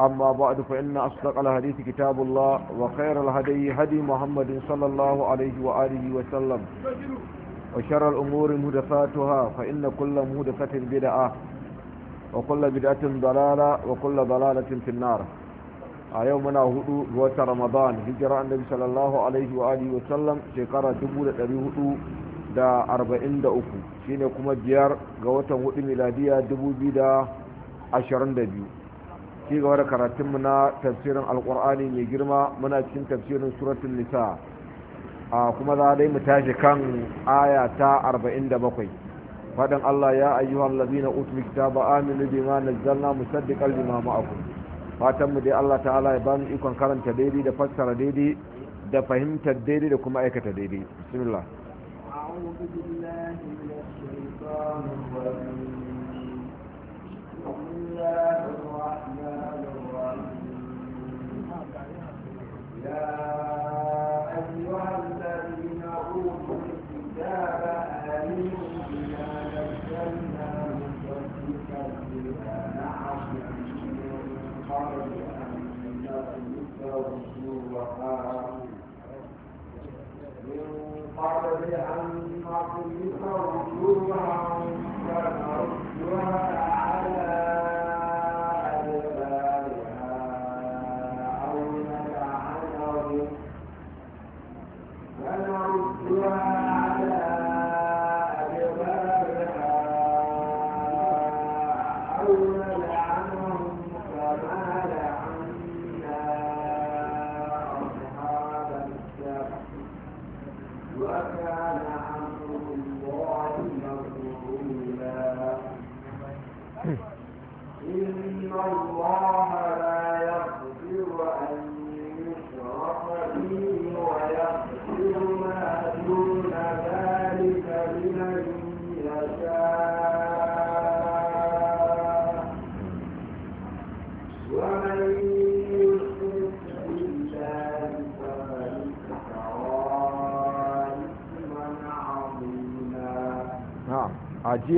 أما بعد فإن أصدق الحديث كتاب الله وخير الهدي هدي محمد صلى الله عليه وآله وسلم وشر الأمور مهدفاتها فإن كل مهدفة بدعة وكل بدعة ضلالة وكل ضلالة في النار يومنا هدو بوت رمضان هجرة النبي صلى الله عليه وآله وسلم شكرا دبولة أبي هدو da 43 shine kuma biyar ga watan hudu miladiya 2022 ci gaba da karatunmu na tafsirin alkur'ani mai girma muna cikin tafsirin suratun nisa a kuma za dai mu tashi kan aya ta 47 faɗin Allah ya ayyuhal ladina utul kitaba aminu bima nazzalna musaddiqan lima ma'akum fatan mu dai Allah ta'ala ya bamu ikon karanta daidai da fassara daidai da fahimtar daidai da kuma aikata daidai bismillah a'udhu billahi minash shaitanir rajim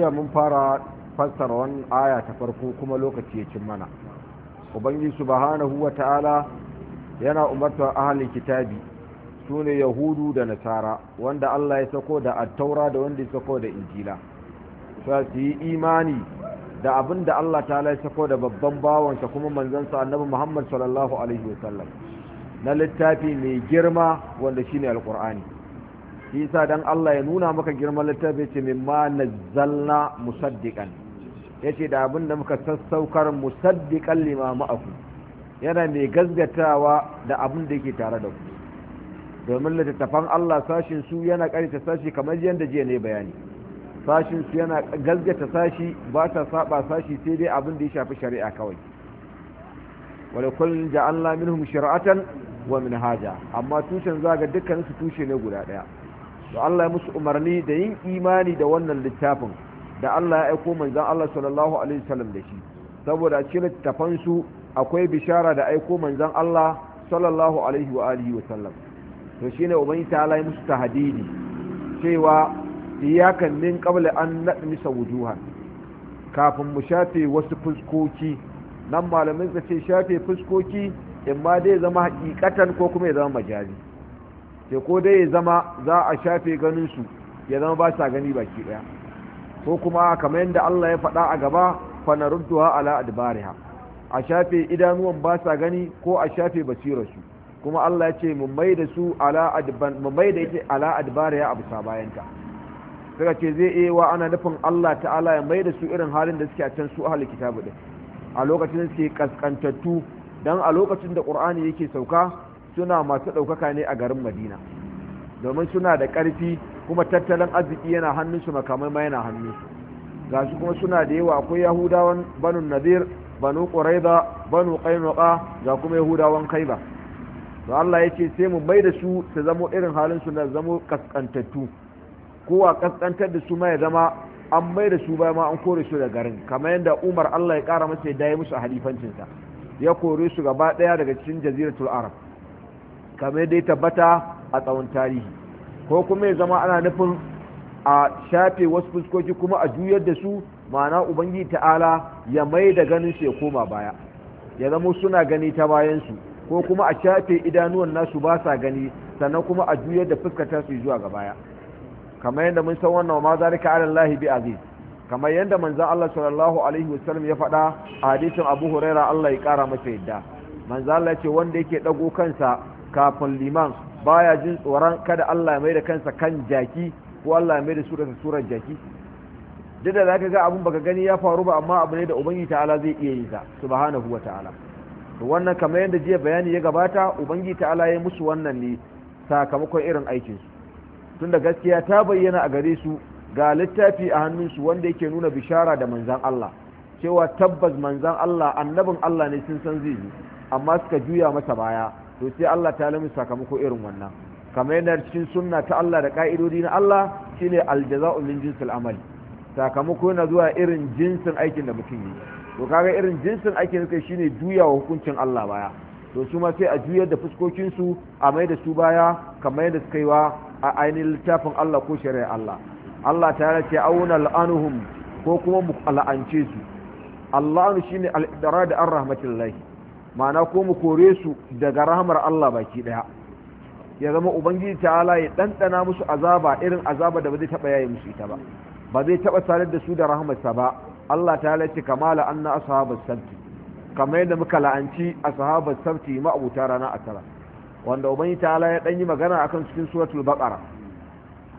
jiya mun fara fassara wani aya ta farko kuma lokaci ya cin mana ubangiji subhanahu wa ta'ala yana umartar ahalin kitabi su ne yahudu da nasara wanda allah ya sako da attaura da wanda ya sako da injila sa su yi imani da abin da allah ta ya sako da babban bawansa kuma manzansa annabi muhammad sallallahu alaihi wasallam na littafi mai girma wanda shine alkur'ani shi yasa dan Allah ya nuna maka girman littafi ce min ma nazzalna musaddiqan yace da abin da muka sassaukar musaddiqan lima ma'akum yana mai gazgatawa da abin da yake tare da ku domin littattafan Allah sashin su yana karita sashi kamar yadda jiya ne bayani sashin su yana gazgata sashi ba ta saba sashi sai dai abin da ya shafi shari'a kawai wala kullun ja'alna minhum shir'atan wa minhaja amma tushen zaga dukkan su tushe ne guda daya to Allah ya musu umarni da yin imani da wannan littafin da Allah ya aiko manzon Allah sallallahu alaihi wasallam da shi saboda cikin littafan su akwai bishara da aiko manzon Allah sallallahu alaihi wa alihi wasallam to shine ta Allah ya musu tahdidi cewa iyakan min qabla an nadmisa wujuhan kafin mu shafe wasu fuskoki nan malamin ce shafe fuskoki in ma dai zama hakikatan ko kuma ya zama majazi sai ko dai ya zama za a shafe ganinsu ya zama ba sa gani baki daya ko kuma kamar yadda Allah ya faɗa a gaba fanarudduha ala adbariha a shafe idanuwan ba sa gani ko a shafe basirarsu kuma Allah ya ce mu mai da su ala adban mu mai da yake ala adbariha a bisa bayanta suka ce zai iya wa ana nufin Allah ta'ala ya mai da su irin halin da suke a can su ahli kitabu din a lokacin suke kaskantattu dan a lokacin da Qur'ani yake sauka suna masu ɗaukaka ne a garin madina domin suna da ƙarfi kuma tattalin arziki yana hannunsu makamai ma yana hannunsu ga su kuma suna da yawa akwai yahudawan banu nadir banu ƙuraiza banu ƙainuka ga kuma yahudawan kaiba to allah ya ce sai mu bai da su su zamo irin halin su na zamo kaskantattu kowa kaskantar da su ma ya zama an bai da su bai ma an kore su da garin kamar yadda umar allah ya kara masa ya daya musu a halifancinsa ya kore su gaba ɗaya daga cikin jaziratul arab kamar dai tabbata a tsawon tarihi ko kuma ya zama ana nufin a shafe wasu fuskoki kuma a juyar da su ma'ana ubangiji ta'ala ya mai da ganin su ya koma baya ya zama suna gani ta bayan su ko kuma a shafe idanuwan nasu ba sa gani sannan kuma a juyar da fuskata su zuwa ga baya kamar yadda mun san wannan ma zalika ala lahi bi aziz kamar yadda manzon Allah sallallahu alaihi wasallam ya faɗa a hadisin Abu Huraira Allah ya kara masa yadda manzon Allah ya ce wanda yake dago kansa kafin liman baya jin tsoron kada Allah ya mai da kansa kan jaki ko Allah ya mai da su daga surar jaki duk da zaka ga abun baka gani ya faru ba amma abu ne da ubangiji ta'ala zai iya yi sa subhanahu wa ta'ala to wannan kamar yadda jiya bayani ya gabata ubangiji ta'ala ya musu wannan ne sakamakon irin aikin su tunda gaskiya ta bayyana a gare su ga littafi a hannun su wanda yake nuna bishara da manzan Allah cewa tabbas manzan Allah annabin Allah ne sun san zai amma suka juya masa baya to sai Allah ta lamu sakamako irin wannan kamar yana cikin sunna ta Allah da ka'idodi na Allah shine aljaza'u min jinsil amali sakamako yana zuwa irin jinsin aikin da mutum yi to kaga irin jinsin aikin kai shine juyawa hukuncin Allah baya to su ma sai a juyar da fuskokin su a mai da su baya kamar yadda suka yi a ainihin littafin Allah ko shari'ar Allah Allah ta yana ce auna la'anuhum ko kuma mu la'ance su Allah shine al da ar rahmatillahi ma'ana ko mu kore su daga rahamar Allah baki daya ya zama ubangiji ta'ala ya dandana musu azaba irin azaba da ba zai taba yayi musu ita ba ba zai taɓa tare da su da rahamarsa ba Allah ta ya kamala anna ashabas sabti kamar yadda muka la'anci asahabar sabti ma'abuta rana asara wanda ubangiji ta'ala ya dan yi magana akan cikin suratul baqara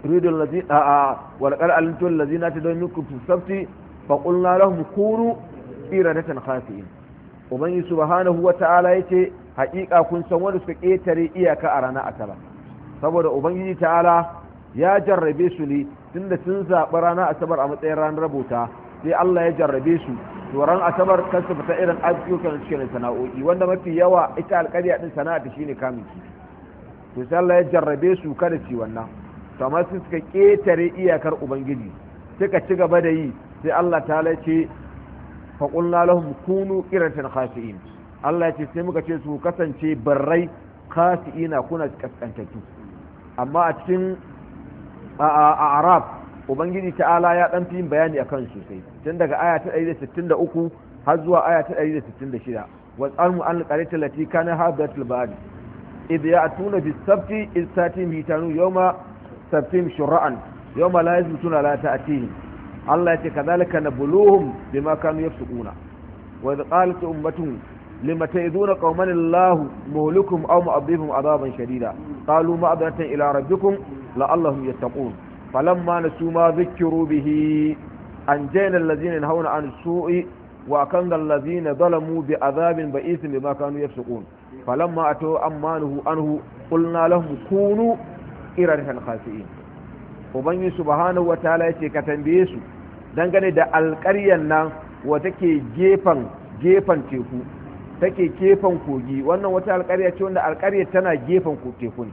ridul ladzi a walqal alintul ladzina tadunukum fi sabti fa qulna lahum kunu iradatan khasi'in ubangiji subhanahu wata'ala yace haƙiƙa kun san wanda suka ƙetare iyaka a ranar asaba saboda ubangiji ta'ala ya jarrabe su ne tunda sun zaɓi ranar asabar a matsayin ranar rabota sai Allah ya jarrabe su to ran asabar kan su fita irin ayyukan cikin sana'o'i wanda mafi yawa ita alƙarya din sana'a ta shine kamun ki to sai Allah ya jarrabe su kada ci wannan to amma suka ƙetare iyakar ubangiji suka ci gaba da yi sai Allah ta ce fa qulna lahum kunu qiratan khasi'in Allah ya ce sai muka ce su kasance barrai khasi'ina kuna kaskantattu amma a cikin a arab ubangiji ta'ala ya dan fi bayani akan su sai tun daga aya ta 163 har zuwa aya ta 166 wasalmu an alqarita lati kana habatul ba'd إذ يأتون بالسبت إذ تأتيهم هيتانو يوم سبتهم شرعا يوم لا يثبتون لا تأتيهم Allah ya ce kadhalika nabluhum bima kanu yafsukuna wa idh qalat ummatun lima ta'iduna qauman Allah muhlikum aw mu'adhibuhum adaban shadida qalu ma'adratan ila rabbikum la'allahum yattaqun falamma nasu ma dhukkiru bihi anjayna allazina yanhauna an su'i wa kanga allazina zalamu bi azabin ba'isin bima kanu yafsukun falamma atau ammanuhu anhu qulna lahum kunu iradan khasi'in ubangi subhanahu wataala yace ka tambaye su dangane da alƙaryan nan wata ke gefen gefen teku take gefen kogi wannan wata alƙarya ce wanda alƙarya tana gefen teku ne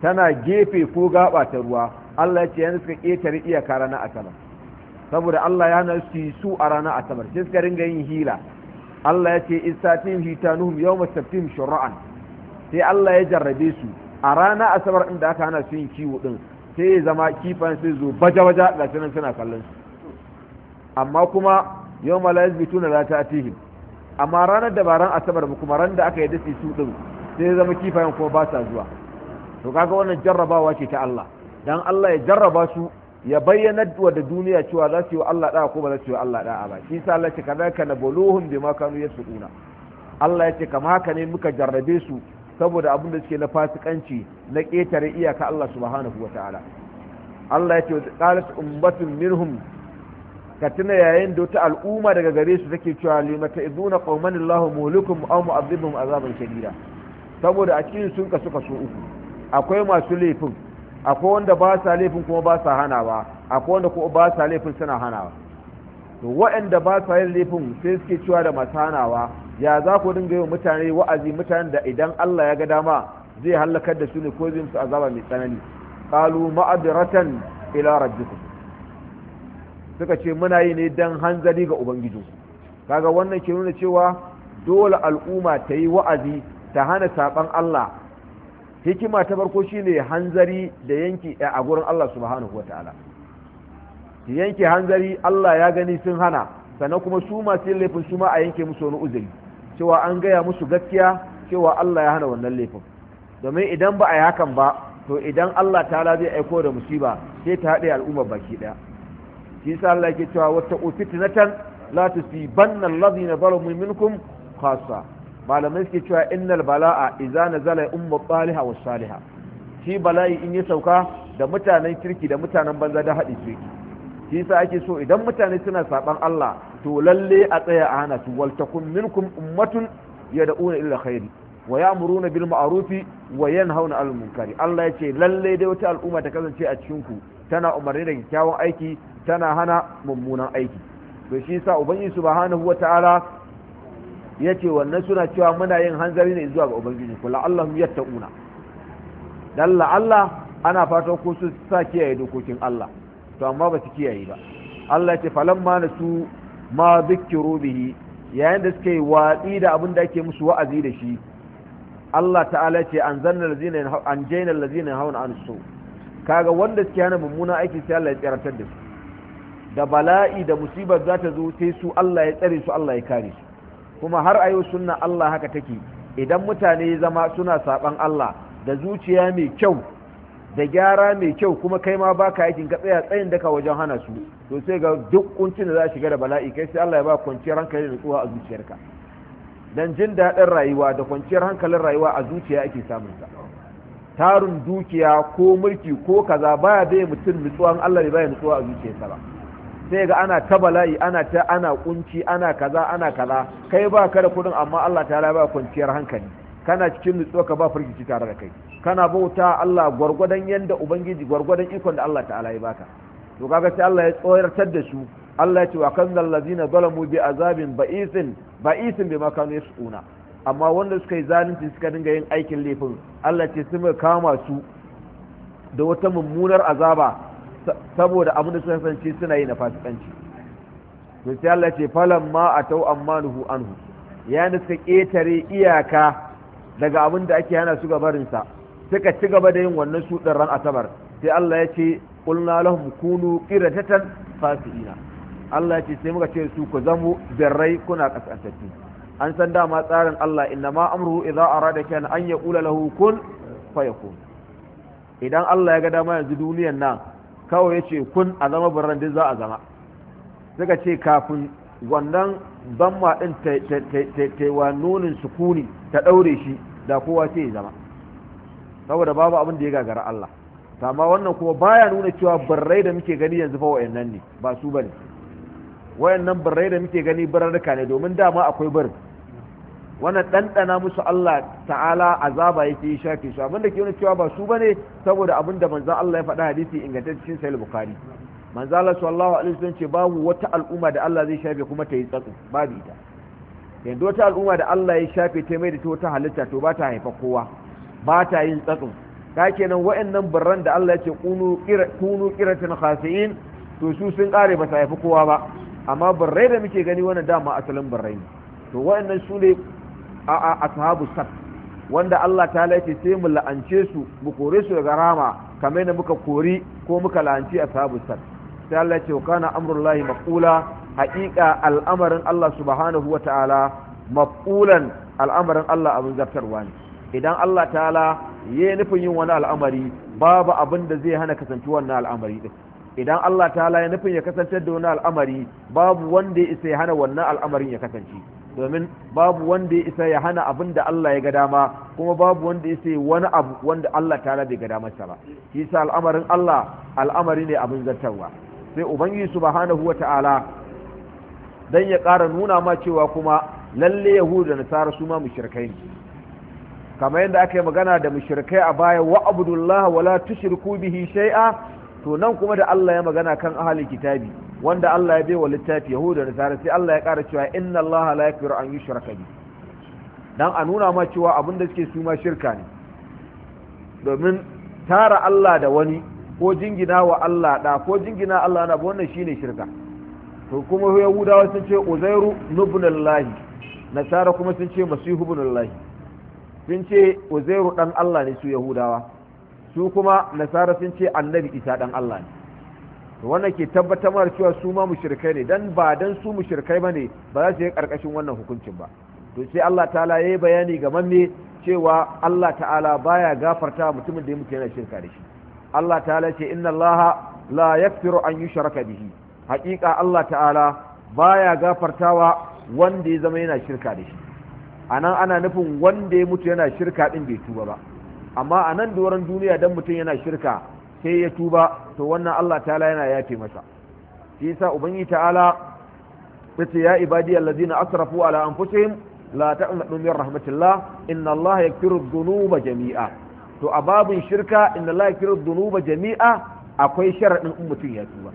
tana gefe ko gaba ta ruwa Allah ya ce yanzu suka ƙetare iyaka ranar asabar saboda Allah ya nan su su a ranar asabar sai suka ringa yin hila Allah ya ce hita hitanuhum yawma sabtim shura'an sai Allah ya jarrabe su a ranar asabar inda aka hana su yin kiwo din sai ya zama kifan sai zo baja-baja ga sunan suna kallon su amma kuma yau malayis bitu na lata atihim amma ranar da baran asabar mu kuma ran da aka yi dasi su ɗin sai zama kifayen kuma ba sa zuwa to kaga wannan jarrabawa ce ta Allah dan Allah ya jarraba su ya bayyana wa da duniya cewa za su yi wa Allah ɗaya ko ba za su yi wa Allah da'a ba shi sa Allah ce kadaka bi ma kanu yasquna Allah ya ce kama haka ne muka jarrabe su saboda abin da suke na fasikanci na ƙetare iyaka Allah subhanahu wa ta'ala Allah ya ce qalat ummatun minhum ka tuna yayin da wata al'umma daga gare su take cewa limata izuna qauman Allah muhlikum aw mu'adhibum azaban shadida saboda a cikin sun kasu kasu uku akwai masu laifin akwai wanda ba sa laifin kuma ba sa hana ba akwai wanda kuma ba sa laifin suna ba to waɗanda ba sa yin laifin sai suke cewa da masu hanawa ya za ku dinga yi mutane wa'azi mutanen da idan Allah ya ga dama zai halakar da su ne ko zai musu azaba mai tsanani qalu ma'adratan ila rabbikum suka ce muna yi ne dan hanzari ga ubangijinsu kaga wannan ke nuna cewa dole al'umma ta yi wa'azi ta hana saban Allah hikima ta farko shine hanzari da yanki a gurin Allah subhanahu wataala yanke hanzari Allah ya gani sun hana sannan kuma su masu laifin su ma a yanke musu wani uzuri cewa an gaya musu gaskiya cewa Allah ya hana wannan laifin domin idan ba a yi hakan ba to idan Allah ta'ala zai aiko da musiba sai ta haɗe al'umma baki ɗaya shi sa Allah yake cewa wata fitnatan la tusibanna alladhina zalamu minkum khassa malamai suke cewa innal bala'a idza nazala umma salihah wa saliha shi bala'i in ya sauka da mutanen kirki da mutanen banza da haɗi su shi sa ake so idan mutane suna saban Allah to lalle a tsaya a hana su wal takum minkum ummatun yad'una ila khairi wa ya'muruna bil ma'rufi wa yanhauna 'anil munkari Allah ya ce lalle dai wata al'umma ta kasance a cikin ku tana umarni da kyakkyawan aiki tana hana mummunan aiki to shi yasa ubangiji subhanahu wata'ala yace wannan suna cewa muna yin hanzari ne zuwa ga ubangiji ku la'allahum yattauna dan la'alla ana fata ko su sa kiyaye dokokin Allah to amma ba su kiyaye ba Allah ya ce falamma su ma zikiru bihi yayin da suka yi watsi da abin da ake musu wa'azi da shi Allah ta'ala ce an lazina an lazina hauna an su kaga wanda suke hana mummuna aiki sai Allah ya tsaratar da su da bala'i da musibar za ta zo sai su Allah ya tsare su Allah ya kare su kuma har ayo sunna Allah haka take idan mutane zama suna saban Allah da zuciya mai kyau da gyara mai kyau kuma kai ma baka yakin ka tsaya tsayin daka wajen hana su to sai ga duk kuncin da za shiga da bala'i kai sai Allah ya ba kwanciyar hankali da nutsuwa a zuciyarka dan jin daɗin rayuwa da kwanciyar hankalin rayuwa a zuciya ake samun sa tarun dukiya ko mulki ko kaza baya bai mutum nutsuwan Allah bai bai nutsuwa a zuciyarsa ba sai ga ana ta bala'i ana ta ana kunci ana kaza ana kaza kai ba ka da kudin amma Allah ta ba kwanciyar hankali kana cikin nutsuwa ka ba firgici tare da kai kana bauta Allah gwargwadon yanda ubangiji gwargwadon ikon da Allah ta'ala ya baka to kaga sai Allah ya tsoyartar da su Allah ya ce wa kan zallazina zalamu bi azabin ba'isin ba'isin ma kanu yasuna amma wanda suka yi zalunci suka dinga yin aikin laifin Allah ce sun kama su da wata mummunar azaba saboda abin da suka kasance suna yi na fasikanci to sai Allah ce falan ma atau ammanuhu anhu ya ne suka ketare iyaka daga abin da ake hana su gabarin sa suka ci gaba da yin wannan su ran asabar sai Allah ya ce qulna lahum kunu qiratatan fasiina Allah ya ce sai muka ce su ku zamo birrai kuna kasantattu an san dama tsarin Allah inna ma amruhu idza arada kan an yaqula lahu kun fayakun idan Allah ya ga dama yanzu duniyar nan kawai ya ce kun a zama birnin duk za a zama suka ce kafin wannan zamma ɗin taiwa nunin sukuni ta ɗaure shi da kowa ce ya zama saboda babu abin da ya gagara Allah amma wannan kuma baya nuna cewa birrai da muke gani yanzu fa wayannan ne ba su bane wayannan birrai da muke gani birrarka ne domin dama akwai birnin wannan ɗanɗana musu Allah ta'ala azaba yake shafe su abinda ke wani cewa ba su bane saboda abin da manzan Allah ya faɗa hadisi ingantaccen sahih bukhari manzan Allah sallallahu alaihi wasallam ce babu wata al'umma da Allah zai shafe kuma ta yi tsatsu babu ita yanzu wata al'umma da Allah ya shafe ta mai da ta wata halitta to ba ta haifa kowa ba ta yin tsatsu ka kenan wa'annan birran da Allah ya ce kunu kunu qiratin khasiin to su sun kare ba ta haifi kowa ba amma birrai da muke gani wannan dama asalin birrai to wa'annan su ne a'a ashabu sat wanda Allah ta laifi sai mu la'ance su mu kore su daga rama kamar da muka kori ko muka la'anci ashabu sat sai Allah ce kana amrullahi maqula haqiqa al'amarin Allah subhanahu wata'ala maqulan al'amarin Allah abin zartarwa ne idan Allah ta'ala ya nufin yin wani al'amari babu abin da zai hana kasance wannan al'amari din idan Allah ta'ala ya nufin ya kasance da wani al'amari babu wanda ya isa ya hana wannan al'amarin ya kasance domin babu wanda ya isa ya hana abin da Allah ya ga dama kuma babu wanda ya isa wani abu wanda Allah ta bai ga damarsa ba shi sa al'amarin Allah al'amari ne abin zartarwa sai ubangiji subhanahu ta'ala dan ya ƙara nuna ma cewa kuma lalle yahudu da nasara su ma mushrikai ne kamar yadda aka yi magana da mushrikai a baya wa abdullah wala tushriku bihi shay'a to nan kuma da Allah ya magana kan ahalin kitabi wanda Allah ya wa littafi yahuda da nasara sai Allah ya ƙara cewa inna Allah la yakfiru an yushraka bi dan a nuna ma cewa abin da suke su ma shirka ne domin tara Allah da wani ko jingina wa Allah da ko jingina Allah na wannan shine shirka to kuma yahudawa sun ce uzairu nubnullahi nasara kuma sun ce masihu ibnullahi sun ce uzairu dan Allah ne su yahudawa su kuma nasara sun ce annabi isa dan Allah ne wannan ke tabbatar mana cewa su ma mushrikai ne dan ba dan su mushrikai bane ba za su yi karkashin wannan hukuncin ba to sai Allah ta'ala yayi bayani ga manne cewa Allah ta'ala baya gafarta mutumin da ya mutu yana shirka da shi Allah ta'ala ce inna Allah la yaghfiru an yushraka bihi haqiqa Allah ta'ala baya gafartawa wanda ya zama yana shirka da shi anan ana nufin wanda ya mutu yana shirka din bai tuba ba amma anan doron duniya dan mutum yana shirka sai ya tuba to wannan Allah ta'ala yana yafe masa shi yasa ubangiji ta'ala ta yace ya ibadiyal ladina asrafu ala anfusihim la ta'madu min rahmatillah inna Allah ya yaghfiru dunuba jami'a to a babin shirka inna Allah ya yaghfiru dunuba jami'a akwai sharadin in mutum ya tuba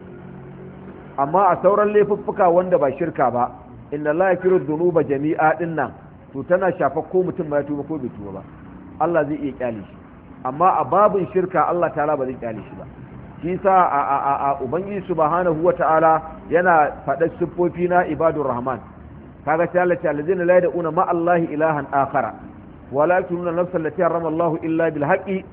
amma a sauran laifuffuka wanda ba shirka ba inna Allah ya yaghfiru dunuba jami'a dinnan to tana shafa ko mutum ma ya tuba ko bai tuba ba Allah zai iya kyale shi amma a babin shirka Allah ta'ala ba zai kyale shi ba shi sa a ubangiji subhanahu ta'ala yana faɗa siffofi na ibadur rahman kaga ta Allah ta'ala zai la yad'una ma Allah ilahan akhara wala tununa nafsa allati harrama Allah illa bil haqqi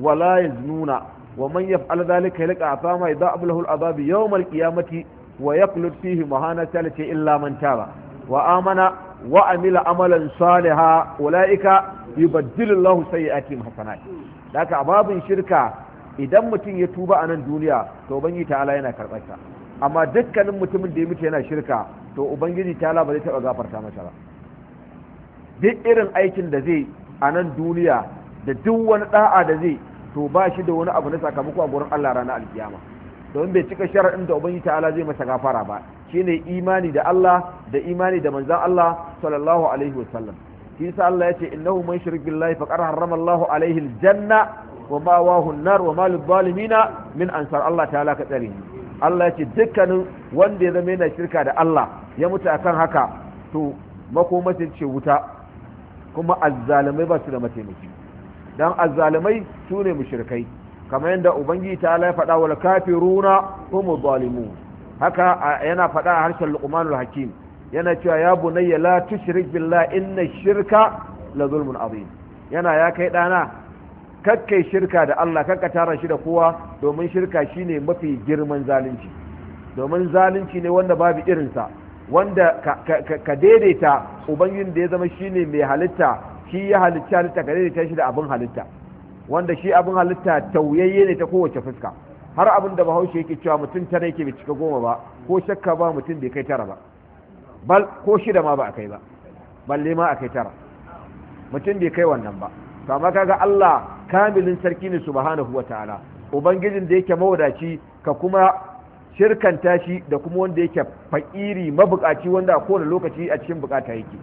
wala yaznuna wa man yaf'al dhalika yalqa athama yadha'ab lahu al adhab yawm al qiyamati wa yaqlut fihi mahana ta'ala illa man taba wa amana wa amila amalan salihan ulaika yubaddilu Allah sayyi'atihim hasanat da a babin shirka idan mutum ya tuba a nan duniya to ubangiji ta'ala yana karɓar amma dukkanin mutumin da ya mutu yana shirka to ubangiji ta'ala ba zai taɓa gafarta masa ba duk irin aikin da zai a nan duniya da duk wani da'a da zai to ba shi da wani abu na sakamako a gurin Allah rana alkiyama domin bai cika shar'in da ubangiji ta'ala zai masa gafara ba shine imani da Allah da imani da manzon Allah sallallahu alaihi wasallam shi yasa Allah yace innahu man yushrik billahi faqad harrama Allahu alaihi aljanna wa ma'wahu an-nar wa ma lidh min ansar Allah ta'ala ka tsare Allah yace dukkanin wanda ya zama yana shirka da Allah ya mutu akan haka to makomacin ce wuta kuma azzalamai ba su da mataimaki dan azzalamai su ne mushrikai kamar yadda ubangiji ta ya faɗa wal kafiruna humu zalimun haka yana faɗa a harshen luqmanul hakim yana cewa ya bunayya la tushrik billah inna shirka la zulmun azim yana ya kai dana kakke shirka da Allah kakka tara shi da kowa domin shirka shine mafi girman zalunci domin zalunci ne wanda babu irinsa wanda ka daidaita ubangijin da ya zama shine mai halitta shi ya halitta halitta ka daidaita shi da abin halitta wanda shi abin halitta tauyayye ne ta kowace fuska har abin da bahaushe yake cewa mutum tara yake bai cika goma ba ko shakka ba mutum bai kai tara ba bal ko shida ma ba a kai ba balle ma a kai tara mutum bai kai wannan ba to amma kaga Allah kamilin sarki ne subhanahu wataala ubangijin da yake mawadaci ka kuma shirkanta shi da kuma wanda yake fakiri mabukaci wanda a kowane lokaci a cikin bukata yake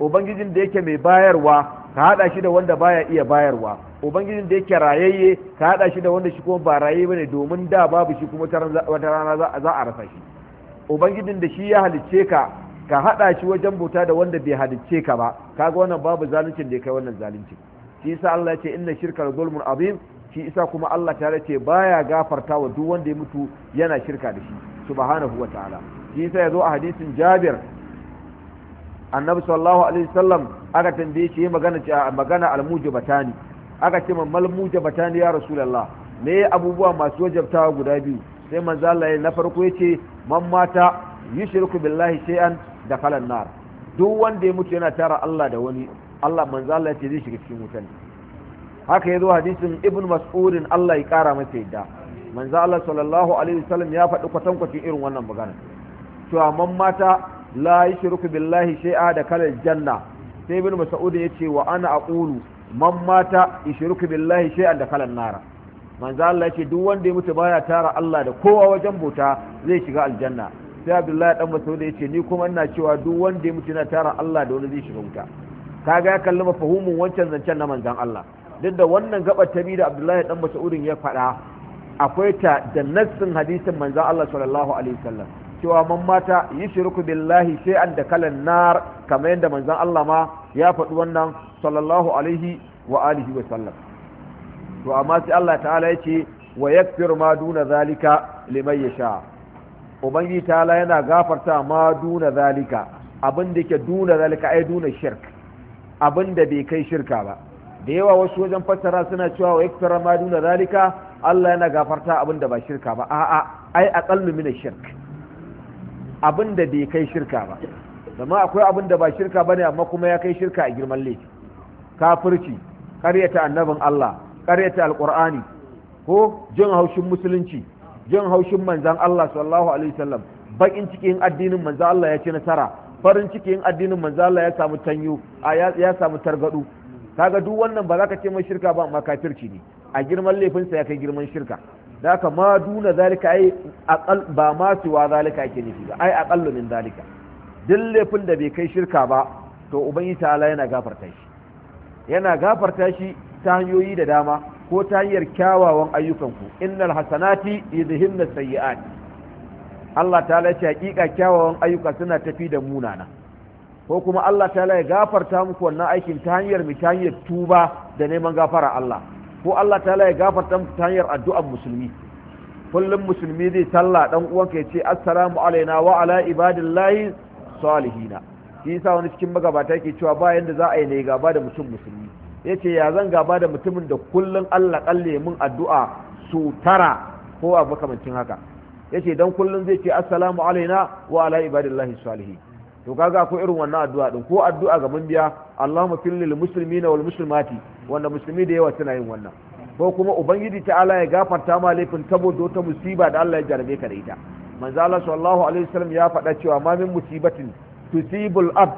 ubangijin da yake mai bayarwa ka hada shi da wanda baya iya bayarwa ubangijin da yake rayayye ka hada shi da wanda shi kuma ba raye bane domin da babu shi kuma wata rana za a rasa shi ubangijin da shi ya halicce ka ka haɗa shi wajen bauta da wanda bai halicce ka ba kaga wannan babu zaluncin da ya kai wannan zalunci shi yasa Allah ya ce inna shirkal zulmun azim shi isa kuma Allah ta ce baya gafarta wa duk wanda ya mutu yana shirka da shi subhanahu wa ta'ala shi yasa yazo a hadisin Jabir annabi sallallahu alaihi wasallam aka tambaye shi magana magana almujibatani aka ce man malmujibatani ya rasulullah me abubuwa masu wajabtawa guda biyu sai manzo Allah ya na farko yace man mata yushriku billahi shay'an da kalan nar duk wanda ya mutu yana tara Allah da wani Allah manzo Allah ce zai shiga cikin wutan haka yazo hadisin ibn mas'ud Allah ya kara masa yadda manzo Allah sallallahu alaihi wasallam ya faɗi kwatankwacin irin wannan magana to amma mata la yushriku billahi shay'a da kalan janna sai ibn mas'ud ya ce wa ana aqulu man mata yushriku billahi shay'a da kalan nar. manzo Allah ya ce duk wanda ya mutu baya tara Allah da kowa wajen bota zai shiga aljanna sai abdullahi dan masaud ya ce ni kuma ina cewa duk wanda ya mutu na tara Allah da wani zai shiga wuta kaga ya kalli mafahumin wancan zancen na manzan Allah duk da wannan gabar ta bi da abdullahi dan masaudin ya faɗa akwai ta da nassin hadisin manzan Allah sallallahu alaihi wasallam cewa man mata yushriku billahi an da kalan nar kamar yadda manzan Allah ma ya faɗi wannan sallallahu alaihi wa alihi wa sallam to amma sai Allah ta'ala ya ce wa yakfir ma duna zalika liman yasha ta la yana gafarta ma duna zalika abin da ke duna zalika ai duna shirk abin da bai kai shirka ba da yawa wasu wajen fassara suna cewa wa yaktara ma duna zalika Allah yana gafarta abin da ba shirka ba a'a ai aqallu min shirk abin da bai kai shirka ba amma akwai abin da ba shirka bane amma kuma ya kai shirka a girman laifi kafirci karyata annabin Allah karyata alqur'ani ko jin haushin musulunci jin haushin manzan Allah sallallahu alaihi wasallam bakin cikin addinin manzan Allah ya ci nasara farin cikin addinin manzan Allah ya samu tanyo ya samu targadu kaga duk wannan ba za ka ce mai shirka ba amma kafirci ne a girman laifinsa ya kai girman shirka da haka ma duna zalika ai ba ma siwa zalika ake nufi ba ai aqallu min zalika duk laifin da bai kai shirka ba to ubangiji Allah yana gafarta shi yana gafarta shi ta hanyoyi da dama ko ta hanyar kyawawan ayyukanku innal hasanati yudhibna sayyi'at Allah ta'ala ya ce hakika kyawawan ayyuka suna tafi da munana ko kuma Allah ta'ala ya gafarta muku wannan aikin ta hanyar mi ta hanyar tuba da neman gafara Allah ko Allah ta'ala ya gafarta muku ta hanyar addu'ar musulmi kullum musulmi zai talla dan uwanka ya ce assalamu alaina wa ala ibadillahi salihina shi yasa wani cikin magabata yake cewa bayan da za a yi ne gaba da mutum musulmi ya ce ya zan gaba da mutumin da kullum allah kalle mun addu'a su tara ko a makamancin haka ya ce don kullum zai ce assalamu alaina wa ala ibadillahi salihi to kaga ko irin wannan addu'a din ko addu'a ga mambiya allahumma lil muslimina wal muslimati wanda musulmi da yawa suna yin wannan ko kuma ubangiji ta ta'ala ya gafarta ma laifin saboda wata musiba da Allah ya jarabe ka da ita manzo Allah sallallahu alaihi wasallam ya faɗa cewa ma min musibatin tusibul ab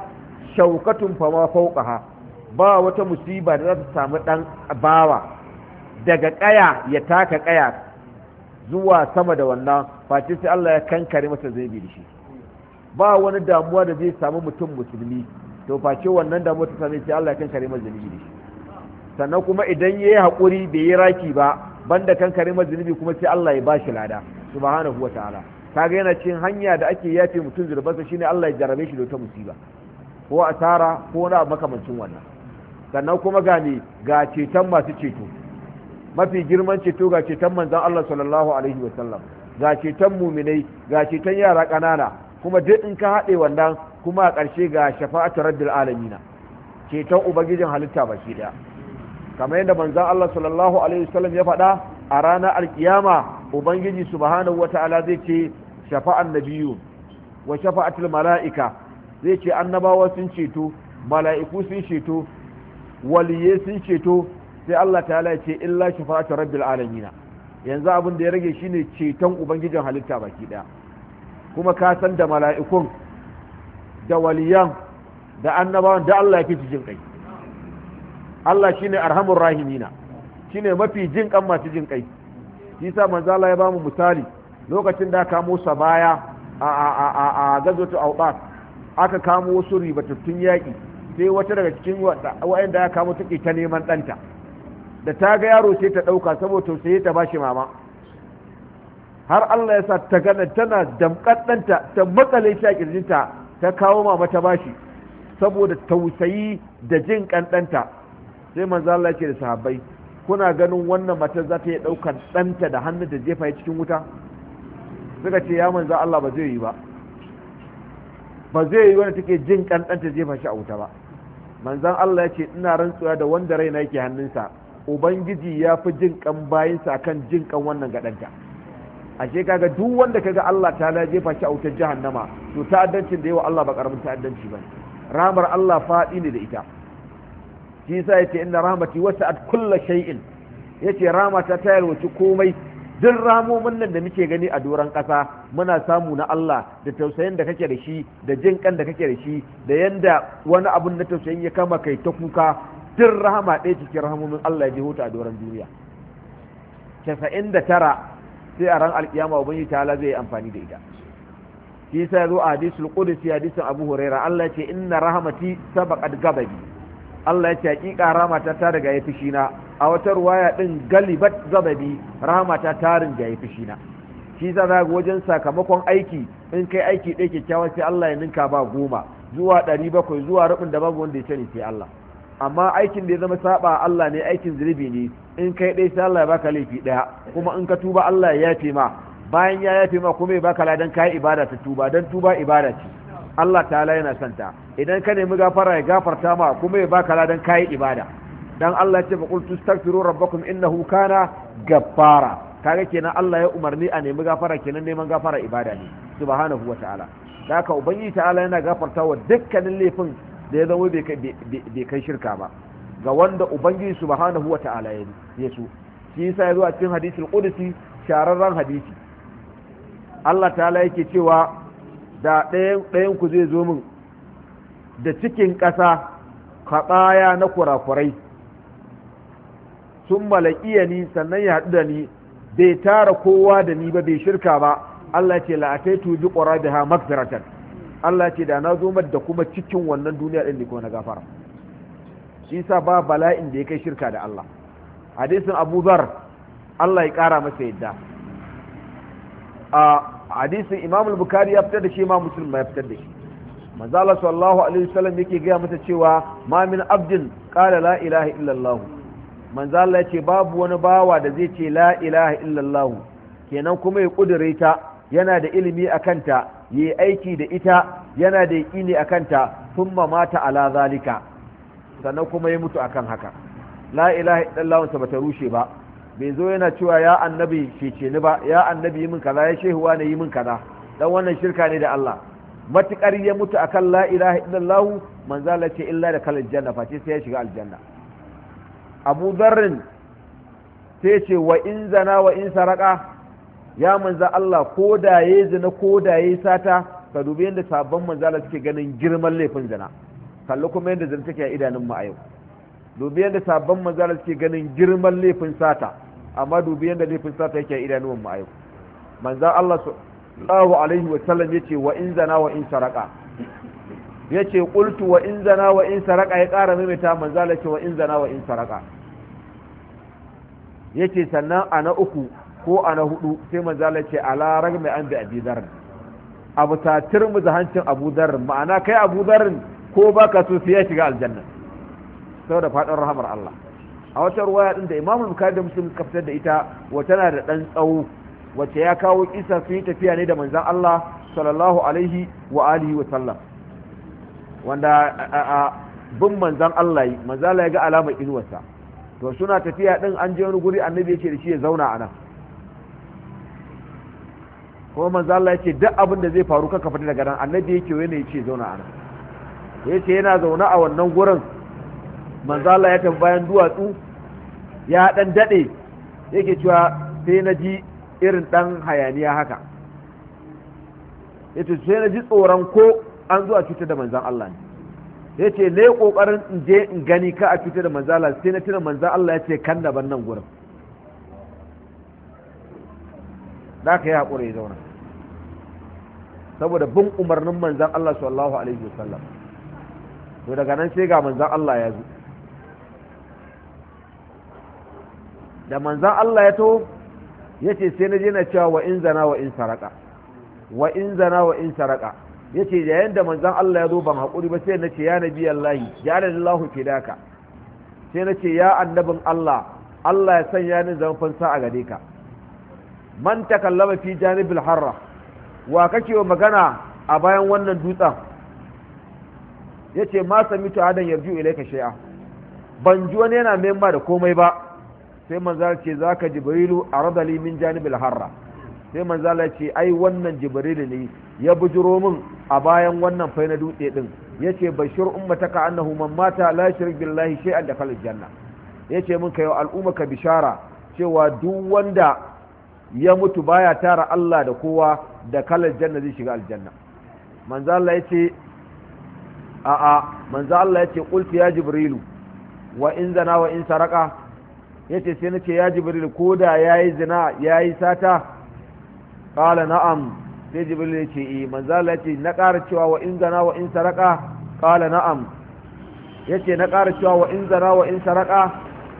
shawkatun fama fawqaha ba wata musiba da za ta samu ɗan bawa daga kaya ya taka kaya zuwa sama da wannan face sai Allah ya kankare masa zai da shi ba wani damuwa da zai samu mutum musulmi to face wannan damuwa ta same sai Allah ya kankare masa zai da shi sannan kuma idan yayi hakuri bai yi raki ba banda kankare masa zunubi kuma sai Allah ya bashi lada subhanahu wataala kaga yana cikin hanya da ake yafe mutum zurbansa shine Allah ya jarabe shi da wata musiba ko asara ko wani makamancin wannan sannan kuma ga ne ga ceton masu ceto mafi girman ceto ga ceton manzan Allah sallallahu alaihi wasallam ga ceton muminai ga ceton yara kanana kuma duk in ka haɗe wannan kuma a ƙarshe ga shafa'atu rabbil alamina ceton ubangijin halitta ba shi da kamar yadda manzan Allah sallallahu alaihi wasallam ya faɗa a ranar alkiyama ubangiji subhanahu wata'ala zai ce shafa'an nabiyyu wa shafa'atul mala'ika zai ce annabawa sun ceto mala'iku sun ceto waliye sun ceto sai Allah ta ya ce illa shi ta rabbil al'alamina yanzu abin da ya rage shi ne ceton ubangijin halitta baki daya kuma ka san da mala'ikun da waliyan da annabawan da Allah ya fi jin kai Allah shi ne arhamun rahimina Shi ne mafi jin kan masu jin kai shi sa Manzala ya bamu misali lokacin da kamo sa baya a a a a aka kamo wasu ribatattun yaƙi sai wata daga cikin da ya kamo ke ta neman ɗanta da ta ga yaro sai ta ɗauka saboda tausayi ta bashi mama har Allah ya sa ta gana tana damƙar ɗanta ta matsala shi a ƙirjinta ta kawo mama ta bashi saboda tausayi da jin ƙanɗanta sai manzo Allah ya ce da sahabbai kuna ganin wannan mata za ta yi ɗaukar ɗanta da hannu da jefa cikin wuta suka ce ya manzo Allah ba zai yi ba ba zai yi wanda take jin ƙanɗanta jefa shi a wuta ba manzan Allah ya ce ina rantsuwa da wanda raina yake hannunsa ubangiji ya fi jin kan bayinsa kan jin kan wannan gadanta ashe kaga duk wanda kaga Allah ta la jefa shi a wutar jahannama to ta'addancin da yawa Allah ba karamin ta'addanci bane ramar Allah fadi ne da ita shi yasa yace inna rahmati wasa'at kullu shay'in yace ramata ta yarwaci komai duk ramomin nan da muke gani a doran kasa muna samu na Allah da tausayin da kake da shi da jin kan da kake da shi da yanda wani abun na tausayin ya kama kai ta kuka duk rahama ɗaya cikin rahamomin Allah ya je huta a doron duniya casa'in da tara sai a ran alkiyama ubangiji ta'ala zai yi amfani da ita shi yasa ya zo a hadisul qudsi hadisin abu huraira Allah ya ce inna rahamati sabaqat gababi Allah ya ce hakika mata ta daga ya fishi na a wata ruwaya din galibat zababi rahama ta tarin da ya fushi na shi za wajen sakamakon aiki in kai aiki ɗaya kyakkyawan sai Allah ya ninka ba goma zuwa ɗari bakwai zuwa rubin da babu wanda ya sani sai Allah amma aikin da ya zama saba Allah ne aikin zurbi ne in kai ɗaya sai Allah ya baka laifi ɗaya kuma in ka tuba Allah ya yafe ma bayan ya yafe ma kuma ya baka ladan kayi ibada ta tuba dan tuba ibada ce Allah ta'ala yana santa idan ka nemi gafara ya gafarta ma kuma ya baka ladan kayi ibada dan Allah ya ce fa qultu astaghfiru rabbakum innahu kana gaffara kaga kenan Allah ya umarni a nemi gafara kenan neman gafara ibada ne subhanahu ta'ala. da haka ubangiji ta'ala yana gafarta wa dukkanin laifin da ya zama bai kai shirka ba ga wanda ubangiji subhanahu ta'ala ya yi su shi yasa ya zo a cikin hadisul qudsi shararran hadisi Allah ta'ala yake cewa da ɗayan ɗayan ku zai zo min da cikin ƙasa kaɗaya na kurakurai sun malakiya ni sannan ya haɗu da ni bai tara kowa da ni ba bai shirka ba Allah ce tu bi qurabiha magfiratan Allah ce da na zo da kuma cikin wannan duniya din ne ko na gafara shi sa ba bala'in da ya kai shirka da Allah hadisin Abu Zar Allah ya kara masa yadda a hadisin Imam al-Bukhari ya fitar da shi Imam Muslim ya fitar da shi manzo Allah sallallahu alaihi wasallam yake ga mata cewa ma min abdin qala la ilaha illallah manzo Allah ya ce babu wani bawa da zai ce la ilaha illallah kenan kuma ya kudure ta yana da ilimi a kanta yayi aiki da ita yana da yaƙini a kanta sun mata ala zalika sannan kuma ya mutu akan haka la ilaha illallah ta bata rushe ba bai zo yana cewa ya annabi cece ni ba ya annabi yi min kaza ya shehuwa ne yi min kaza dan wannan shirka ne da Allah matukar ya mutu akan la ilaha illallah manzo Allah ce illa da kalal janna face sai ya shiga aljanna abu zarrin sai ce wa in zana wa in saraka ya manza Allah ko da ya zina ko da ya sata ka dubi yadda sabon manzala suke ganin girman laifin zina kalli kuma yadda zina take a idanun mu a yau dubi yadda sabon manzala suke ganin girman laifin sata amma dubi yadda laifin sata yake a idanun mu a yau manza Allah sallallahu alaihi wa sallam yace wa in zana wa in saraka ya ce ƙultu wa in zana wa in saraka ya ƙara mimita manzala ce wa in zana wa in saraka ya ce sannan a na uku ko a na hudu sai manzala ce a larar mai an bi abi zarar abu ta mu da hancin abu zarar ma'ana kai abu zarar ko ba ka so sai ya shiga aljanna sau da faɗin rahamar Allah a wata ruwaya ɗin da imamul bukari da muslim suka fitar da ita wata na da ɗan tsawo wacce ya kawo kisa sun yi tafiya ne da manzan Allah sallallahu alaihi wa alihi wa sallam wanda bin manzan Allah yi manzan Allah ya ga alamar inuwarsa to suna tafiya din an je wani guri annabi ya ce da shi ya zauna a nan kuma manzan Allah ya ce duk abin da zai faru kaka fita daga nan annabi ya ce wani ya ce zauna a nan ya ce yana zaune a wannan gurin manzan Allah ya tafi bayan duwatsu ya dan daɗe yake cewa sai na ji irin dan hayaniya haka ya sai na ji tsoron ko an zuwa cutar da manzan Allah ne ya ce ne kokarin in je in gani ka a cutar da manzan Allah sai na tuna manzan Allah ya ce kan ban nan gurin da ka yi haƙuri ya zauna saboda bin umarnin manzan Allah sallallahu alaihi wasallam to daga nan sai ga manzan Allah ya zo da manzan Allah ya to ya ce sai na je na cewa wa in zana wa in saraka wa in zana wa in saraka yace yayin da manzon Allah ya zo ban hakuri ba sai nace ya nabi Allah ya Allahu fidaka sai nace ya annabin Allah Allah ya sanya ni zan fansa a gare ka man takallama fi janibil harra wa kake wa magana a bayan wannan dutsen yace ma to adan yarju ilaika shay'a ban ji wani yana mema da komai ba sai manzon ce zaka jibrilu aradali min janibil harra sai manzala ce ai wannan jibrilu ne ya bujuro min a bayan wannan fai na dutse din yace bashir ummataka annahu man mata la yushrik billahi shay'an dakhala janna yace min kai ka bishara cewa duk wanda ya mutu baya tara Allah da kowa da kalar janna zai shiga aljanna manzo Allah yace a a manzo Allah yace qultu ya jibrilu wa in zana wa in saraka yace sai nace ya jibrilu koda yayi zina yayi sata qala na'am sai jibril ya ce eh manzo Allah ce na ƙara cewa wa in zana wa in saraka qala na'am yace na ƙara cewa wa in zana wa in saraka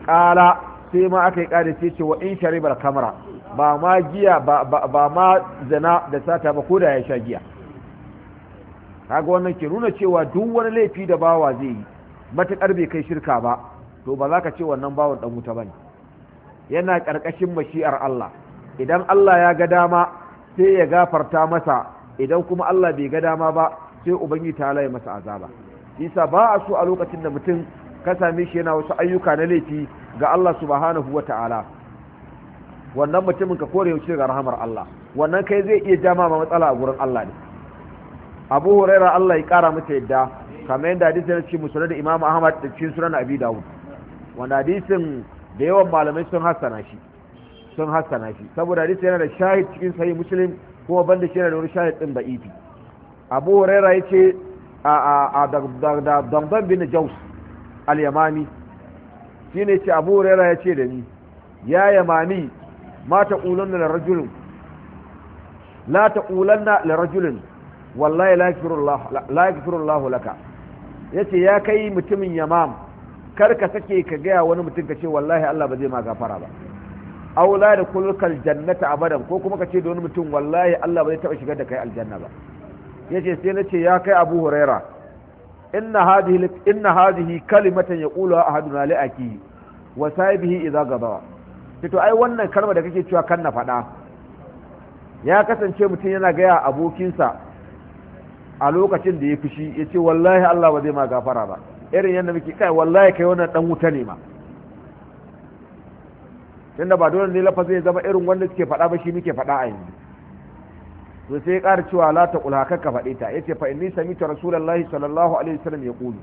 qala sai ma aka yi ƙari ce ce wa in sharibal kamara ba ma giya ba ma zana da sata ba ko da ya sha giya kaga wannan ke nuna cewa duk wani laifi da bawa zai yi matuƙar bai kai shirka ba to ba za ka ce wannan bawan dan wuta bane yana karkashin mashi'ar Allah idan Allah ya ga dama sai ya gafarta masa idan kuma Allah bai ga dama ba sai ubangi ta ya masa azaba isa ba a so a lokacin da mutum ka same shi yana wasu ayyuka na laifi ga Allah subhanahu ta'ala wannan mutumin ka kore yaushe ga rahamar Allah wannan kai zai iya jama ma matsala a gurin Allah ne Abu Hurairah Allah ya kara masa yadda kamar yadda hadisi na cikin musulun da Imam Ahmad da cikin sunan Abi Dawud wanda hadisin da yawan malamai sun hassana shi sun hassana shi saboda hadisi yana da shahid cikin sai muslim kuma banda shi yana da wani shahid din da'ifi abu huraira ce a da bin jaus al-yamani ne ce abu huraira ce da ni ya yamani ma na lirajulin la ta lirajulin wallahi la wallahi la yakfirullah laka yace ya kai mutumin yamam kar ka sake ka gaya wani mutum ka ce wallahi Allah ba zai ma gafara ba aula da yadkhulukal jannata abadan ko kuma kace da wani mutum wallahi Allah ba zai taba shigar da kai aljanna ba yace sai nace ya kai Abu Huraira inna hadhihi inna hadhihi kalimatan yaqulu ahaduna li akihi wa sahibihi idza gadawa to ai wannan kalma da kake cewa kan na faɗa ya kasance mutum yana gaya abokinsa a lokacin da ya fushi ya ce wallahi Allah ba zai ma gafara ba irin yadda muke kai wallahi kai wannan dan wuta ne ma tunda ba dole ne lafazin ya zama irin wanda suke faɗa ba shi muke faɗa a yanzu to sai ya ƙara cewa la ta ka kakka faɗe ta yace fa inni sami'tu rasulullahi sallallahu alaihi wasallam yaqulu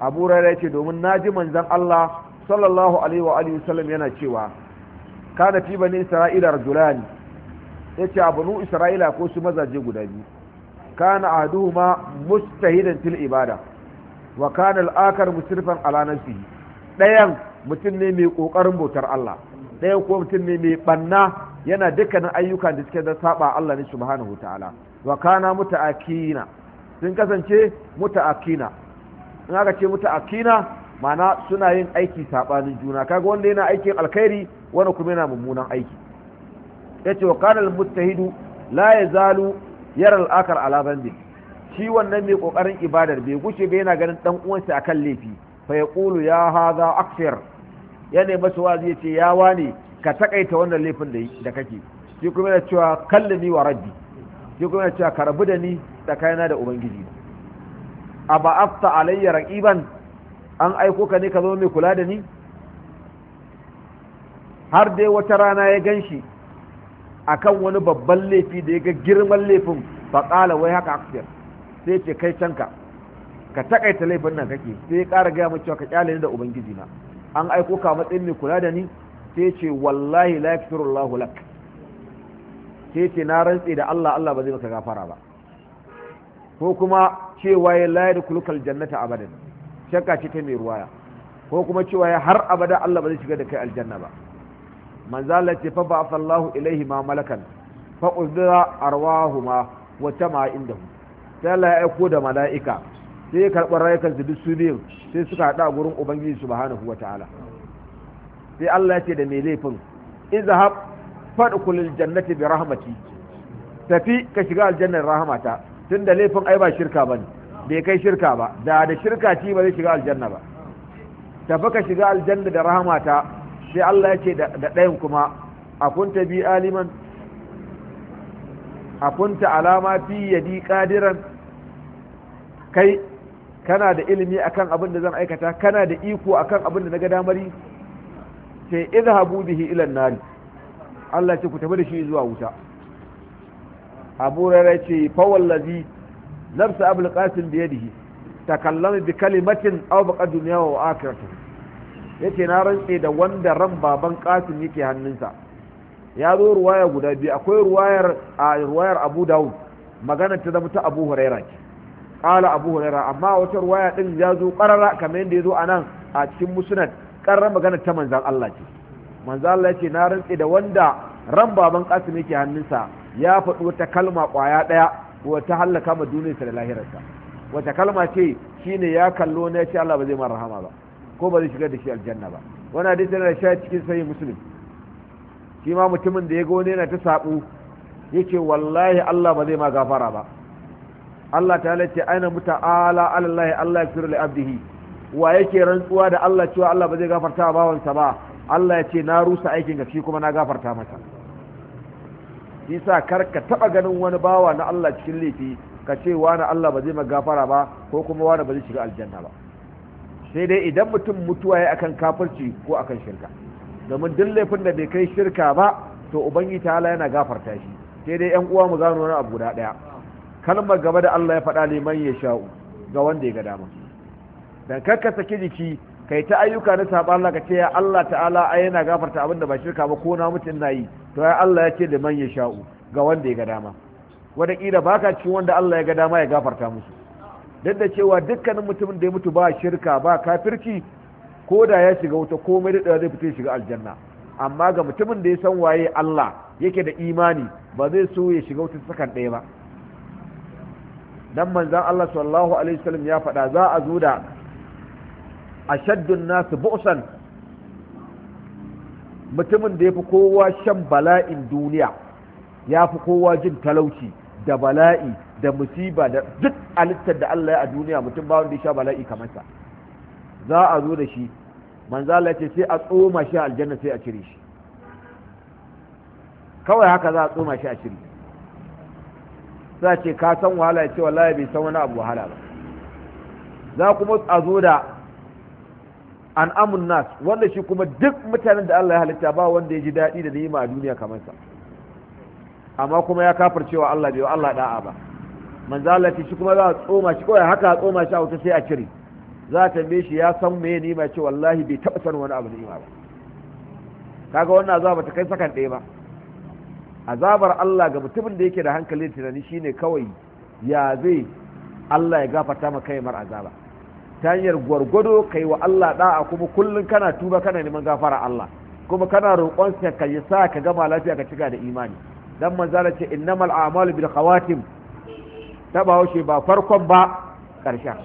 Abu ya yace domin naji manzan Allah sallallahu alaihi wa alihi wasallam yana cewa kana fi bani isra'ila rajulani yace banu isra'ila ko su mazaje guda biyu kana aduhuma mustahidan til ibada wa kana al musrifan ala nafsihi dayan mutum ne mai kokarin bautar Allah ɗaya ko mutum ne mai ɓanna yana dukkanin ayyukan da suke da saba Allah ne subhanahu ta'ala wa kana muta'akina sun kasance muta'akina in aka ce muta'akina ma'ana suna yin aiki sabanin juna kaga wanda yana aikin alkhairi wani kuma yana mummunan aiki yace wa kana almuttahidu la yazalu yara al'akar ala shi wannan mai kokarin ibadar bai gushe ba yana ganin dan uwansa akan laifi fa yaqulu ya haza aksiyar. ya nemi su wazi ya ce ya wane ka takaita wannan laifin da kake shi kuma yana cewa kallami wa rabbi shi kuma yana cewa ka rabu da ni tsakanina da ubangiji a ba afta alayya raqiban an aiko ka ne ka zama mai kula da ni har dai wata rana ya gan shi akan wani babban laifi da ya ga girman laifin faƙala wai haka aksiyar sai ce kai canka ka takaita laifin nan kake sai ya ƙara gaya mu cewa ka ƙyale ni da ubangiji na an aiko ka matsayin mai kula da ni sai ce wallahi la yakfirullahu lak sai ce na rantse da Allah Allah ba zai maka gafara ba ko kuma cewa ya la yadkhulukal jannata abadan shakka ce ta mai ruwaya ko kuma cewa ya har abada Allah ba zai shiga da kai aljanna ba manzo Allah ce fa ba'atha Allahu ilaihi ma malakan fa uzdira arwahuma wa tama indahu sai Allah ya aiko da mala'ika sai ya karɓi rayukansu duk su biyun sai suka haɗa a gurin ubangiji subhanahu wa ta'ala sai Allah ya ce da mai laifin faɗi kulun jannati bi rahmati tafi ka shiga aljannar rahmata da laifin ai ba shirka bane bai kai shirka ba da da shirka ci ba zai shiga aljanna ba tafi ka shiga aljanna da rahmata sai Allah ya ce da ɗayan kuma ta bi aliman ta alama fi yadi qadiran kai kana da ilimi akan abin da zan aikata kana da iko akan abin da ga damari sai izhabu bihi ila an Allah ce ku tafi da shi zuwa wuta Abu Hurairah ce fa wallazi nafsu Abul Qasim bi yadihi takallama bi kalimatin aw baqa dunya wa akhiratuh yace na rantse da wanda ran baban Qasim yake hannunsa ya zo ruwaya guda biyu akwai ruwayar a ruwayar Abu Dawud magana ta zama ta Abu Hurairah qala abu hurairah amma wata ruwaya din ya zo qarara kamar yadda ya zo anan a cikin musnad qarrar magana ta manzan Allah ce manzan Allah ce na rantse da wanda ran baban kasim yake hannunsa ya faɗi wata kalma ƙwaya ɗaya wata hallaka ma duniyarsa da lahirarsa wata kalma ce shine ya kallo na ce Allah ba zai mara rahama ba ko ba zai shigar da shi aljanna ba wani hadisi yana sha cikin sahih muslim shima mutumin da ya ga wani yana ta saɓo yake wallahi Allah ba zai ma gafara ba Allah ta ce aina ala alallahi Allah fi li abdihi wa yake rantsuwa da Allah cewa Allah ba zai gafarta wa bawansa ba Allah ya ce na rusa aikin ga shi kuma na gafarta mata sa kar ka taba ganin wani bawa na Allah cikin laifi ka ce wani Allah ba zai ma gafara ba ko kuma wani ba zai shiga aljanna ba sai dai idan mutum mutuwa ya akan kafirci ko akan shirka domin duk laifin da bai kai shirka ba to ubangi ta yana gafarta shi sai dai yan uwa mu gano wani abu guda ɗaya. kalmar gaba da Allah ya faɗa man ya sha'u ga wanda ya ga dama dan karka saki jiki kai ta ayyuka na saɓa Allah ka ce ya Allah ta'ala ai yana gafarta abinda ba shirka ba ko na mutun nayi to ya Allah ya ce da man ya sha'u ga wanda ya ga dama wanda ba baka ci wanda Allah ya ga dama ya gafarta musu duk da cewa dukkanin mutumin da ya mutu ba shirka ba kafirci ko da ya shiga wuta komai da zai fito shiga aljanna amma ga mutumin da ya san waye Allah yake da imani ba zai so ya shiga wuta sakan ɗaya ba dan manzan Allah sallallahu alaihi wasallam ya fada za a zo da ashaddun nasu bu'san mutumin da yafi kowa shan bala'in duniya yafi kowa jin talauci da bala'i da musiba da duk alittar da Allah ya a duniya mutum ba wanda ya sha bala'i kamar sa za a zo da shi manzo Allah ce sai a tsoma shi aljanna sai a cire shi kawai haka za a tsoma shi a cire shi. za ce ka san wahala ya ce wallahi bai san wani abu wahala ba za kuma a zo da an'amun nas wanda shi kuma duk mutanen da Allah ya halitta ba wanda ya ji daɗi da ni'ima a duniya kamar sa amma kuma ya kafar cewa Allah bai wa Allah da'a ba manzo Allah shi kuma za a tsoma shi kawai haka a tsoma shi a wuta sai a cire za a tambaye shi ya san me ni'ima ce wallahi bai taɓa san wani abu ni'ima ba kaga wannan azaba ta kai sakan ɗaya ba azabar Allah ga mutumin da yake da hankali tunani shine kawai ya zai Allah ya gafarta maka mar azaba ta hanyar gwargwado kai wa Allah da'a kuma kullum kana tuba kana neman gafara Allah kuma kana roƙon sa ka yasa ka gama lafiya ka cika da imani dan Allah ce innamal a'malu bil khawatim tabawo shi haushe ba farkon ba karshen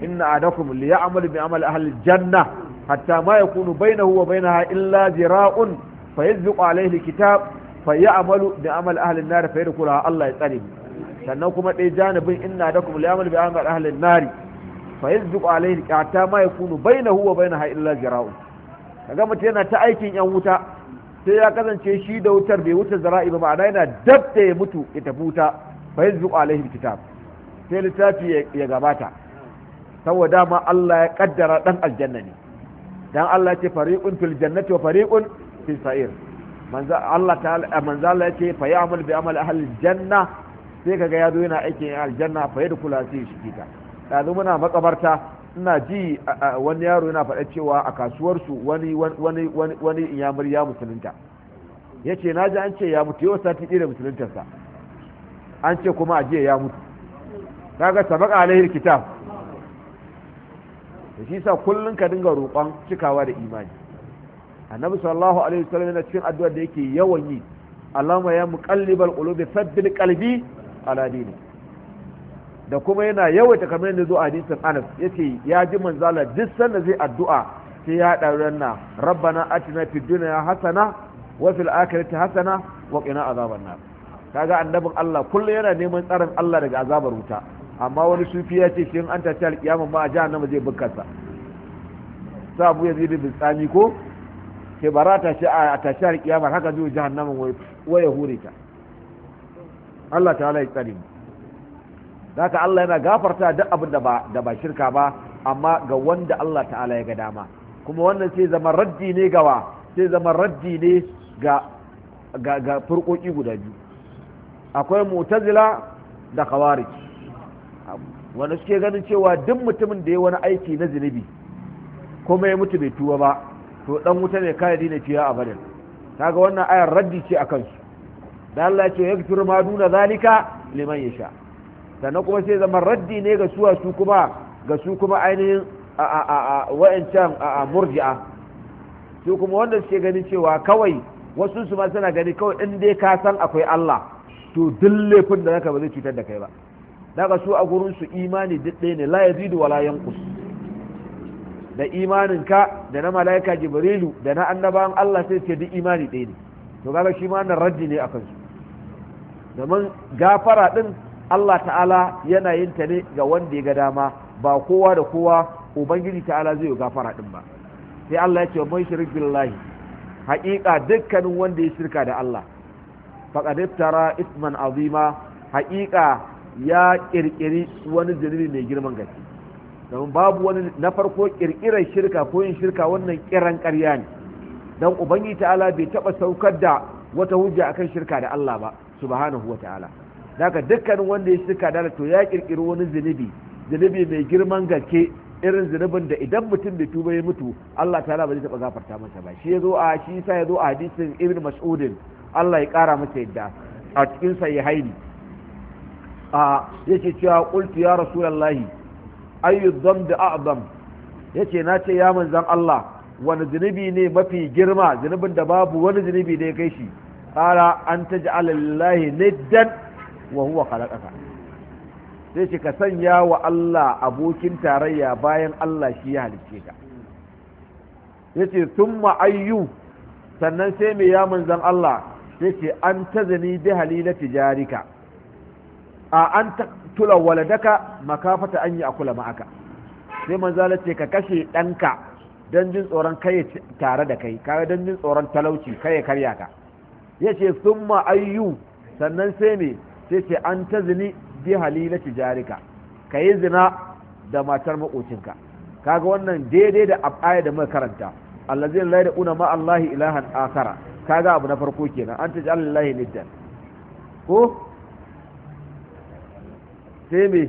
inna adakum ya'malu bi amali ahli janna hatta ma yakunu bainahu wa bainaha illa zira'un fa yazbiqu alaihi kitab fa ya'malu fa ya tsare sannan kuma dai janibin inna dakum la ya'malu bi amal ahli an fa yazbiqu alaihi hatta ma yakunu bainahu wa bainaha illa zira'u kaga mutum yana ta aikin yan wuta sai ya kasance shi da wutar bai wuta zara'i ba ma'ana yana dab da ya mutu ya tafi wuta fa yazbiqu alaihi kitab sai littafi ya gabata saboda ma Allah ya kaddara dan aljanna ne dan Allah ya ce fariqun fil jannati wa fariqun fi sa'ir manzo Allah ta'ala eh, manzo Allah yace fa ya'mal bi amal ahli janna sai kaga yazo yana aikin janna fa yadkhula fi shikika yanzu muna makabarta ina ji wani yaro yana faɗa cewa a kasuwar su wani wani wani wani iyamir ya musulunta yace naji an ce ya mutu yau sati ɗaya musuluntar musuluntarsa an ce kuma ajiye ya mutu kaga sabaka alaihi kitab shi sa kullun ka dinga roƙon cikawa da imani annabi sallallahu alaihi wasallam yana cikin addu'a da yake yawan yi Allahumma ya muqallibal qulubi thabbit qalbi ala dini da kuma yana yawaita kamar yadda a hadisin Anas yace ya ji manzala duk sanda zai addu'a sai ya dauran na rabbana atina fid dunya hasana wa fil akhirati hasana wa qina azaban nar kaga annabin Allah kullu yana neman tsarin Allah daga azabar wuta amma wani sufi ya ce shi an ta ta alkiyama ma a jahannama zai bukkarsa sabu yazid da tsami ko ce ba ra tashi a tashi har kiyamar haka zuwa jahannama waya hure ta Allah ta halaye tsari haka Allah yana gafarta duk abin da ba da ba shirka ba amma ga wanda Allah ta'ala ya ga dama kuma wannan sai zama raddi ne gawa sai zama raddi ne ga ga ga furkoki guda biyu akwai mu'tazila da khawarij wanda suke ganin cewa duk mutumin da ya wani aiki na zinubi kuma ya mutu bai tuwa ba to dan wuta ne kai dina fiya ta kaga wannan ayar raddi ce a kansu da Allah ce ya yakfir ma duna zalika liman yasha sannan kuma sai zama raddi ne ga suwa su kuma ga su kuma ainihin a a a wa'ancan murji'a su kuma wanda suke gani cewa kawai wasu su ma suna gani kawai in dai ka san akwai Allah to duk laifin da zaka ba zai cutar da kai ba daga su a gurin su imani duk ɗaya ne la yazidu wala yanqus da imaninka da na malaika jibrilu da na annabawan Allah sai ce duk imani ɗaya ne to kaga shi ma nan raddi ne akan kansu. domin gafara din Allah ta'ala yana yin ta ne ga wanda ya ga dama ba kowa da kowa ubangiji ta'ala zai yi gafara din ba sai Allah ya ce wa man billahi haƙiƙa dukkanin wanda ya shirka da Allah faqad isman azima haƙiƙa ya kirkiri wani zunubi mai girman gaske don babu wani na farko kirkirar shirka ko yin shirka wannan kiran karya ne don ubangi ta'ala bai taba saukar da wata hujja akan shirka da Allah ba subhanahu wa ta'ala daga dukkanin wanda ya shirka da to ya kirkiri wani zunubi zunubi mai girman gaske irin zunubin da idan mutum bai tuba ya mutu Allah ta'ala ba zai taɓa gafarta masa ba shi yazo a shi yasa yazo a hadisin Ibn Mas'udin Allah ya kara masa yadda a cikin haini a yake cewa qultu ya rasulullahi ayyu da a'zam yace na ce ya manzan Allah wani zunubi ne mafi girma zunubin da babu wani zunubi da ya kai shi qala an ji lillahi niddan wa huwa khalaqaka sai ce ka sanya wa Allah abokin tarayya bayan Allah shi ya halicce ka yace thumma ayyu sannan sai mai ya manzan Allah sai ce an zani bi halilati jarika a an tula waladaka makafata an yi akula ma'aka sai manzala ce ka kashe ɗanka don jin tsoron kai tare da kai kare don jin tsoron talauci kai karya ka ya ce sun ayyu sannan sai me sai ce an ta zini bi halila tijarika ka yi zina da matar maƙocinka kaga wannan daidai da abaya da muka karanta allazina la una ma allahi ilahan akara kaga abu na farko kenan an taj'al lillahi niddan ko sai me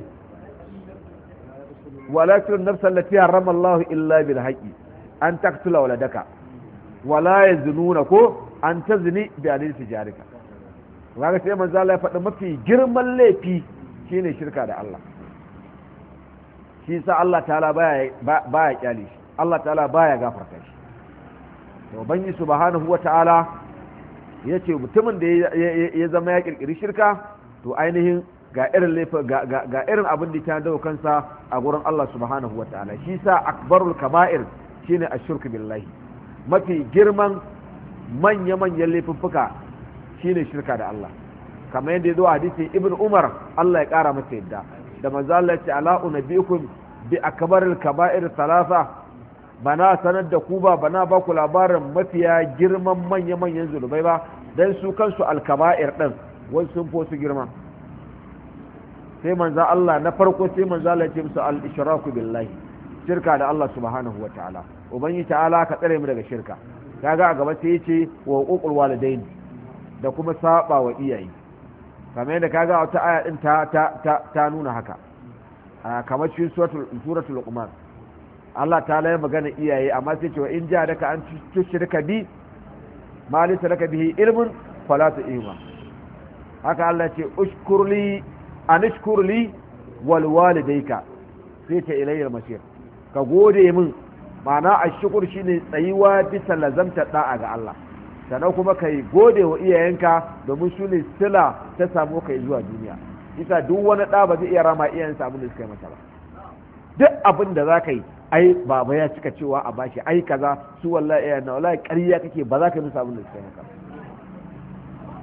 wala tun nafsan lati harrama illa bil haqi an taqtula waladaka wala zinuna ko an tazni bi alil tijarika kaga sai manzo Allah ya faɗi mafi girman laifi shine shirka da Allah shi sa Allah ta'ala baya baya kyale shi Allah ta'ala baya gafarta shi to banyi subhanahu wa ta'ala yace mutumin da ya zama ya kirkiri shirka to ainihin ga irin laifin ga irin abin da ta dawo kansa a gurin Allah subhanahu wataala shi sa akbarul kaba'ir shine ashirk billahi mafi girman manya manyan laifuffuka shine shirka da Allah kamar yadda ya zo hadisi ibn Umar Allah ya kara masa yadda da manzo Allah ya ce ala bi akbaril kaba'ir thalatha bana sanar da ku ba bana ba ku labarin mafiya girman manya manyan zulubai ba dan su kansu alkaba'ir din wasu sun fo su girma sai manza Allah na farko sai manza Allah ce musu al-ishraku billahi shirka da Allah subhanahu wa ta'ala ubangi ta'ala ka tsare mu daga shirka kaga a gaba sai ya ce wa uqul walidain da kuma saba wa iyaye kamar yadda kaga wata aya din ta ta nuna haka kamar cikin suratul suratul luqman Allah ta ya magana iyaye amma sai ce wa in ja daka an tushrika bi ma laysa laka bihi ilmun fala tu'ima haka Allah ce ushkurli anishkur li wal walidayka sai ta ilayya masir ka gode min mana ashkur shine tsayuwa bisa lazamta da'a ga Allah sannan kuma ka yi gode wa iyayenka domin su ne sila ta samu kai zuwa duniya isa duk wani da ba zai iya rama iyayensa abin da suka yi ba duk abin da za ka yi ai baba ya cika cewa a bashi ai kaza su wallahi iyayen na wallahi ƙarya kake ba za ka yi musu da suka yi ba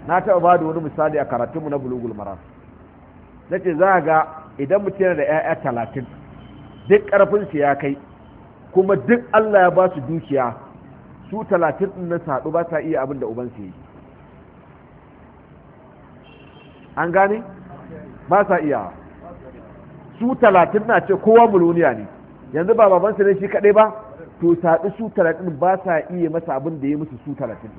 na taɓa ba da wani misali a karatunmu na bulugul maram na ce za ga idan mutum yana da 'ya'ya talatin duk ƙarfinsu ya kai kuma duk allah ya ba su dukiya su talatin ɗin na saɗu ba sa iya abin da ubansu yi an gane ba sa iya su talatin na ce kowa muluniya ne yanzu ba babansu ne shi kaɗai ba to saɗu su talatin ba sa iya masa abin da ya musu su talatin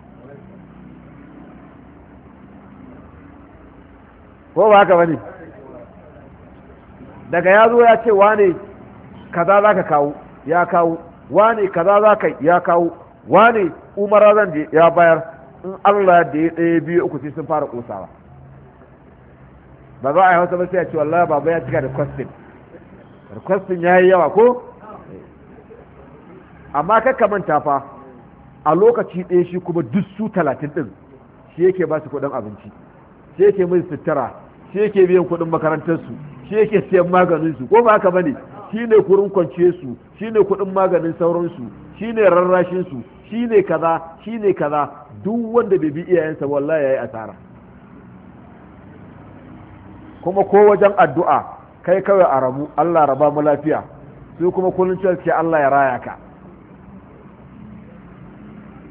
ko ba haka ba ne daga ya zo ya ce wane kaza za ka kawo ya kawo wane kaza za ka ya kawo wane umara zan je ya bayar in allah da ya ɗaya biyu uku sai sun fara ƙosawa ba za a yi hausa ba sai ya ce wallahi baba ya cika da kwastin kwastin ya yi yawa ko amma kakka manta fa a lokaci ɗaya shi kuma duk su talatin ɗin shi yake ba su kuɗin abinci shi yake mai sutura shi yake biyan kuɗin makarantarsu shi yake siyan maganin su ko ba haka bane shi ne kurin kwance su shi ne kuɗin maganin sauransu shi ne rarrashin shi ne kaza shi ne kaza duk wanda bai bi iyayensa wallahi yayi asara kuma ko wajen addu'a kai kawai a rabu Allah raba mu lafiya sai kuma kullun cewa ce Allah ya raya ka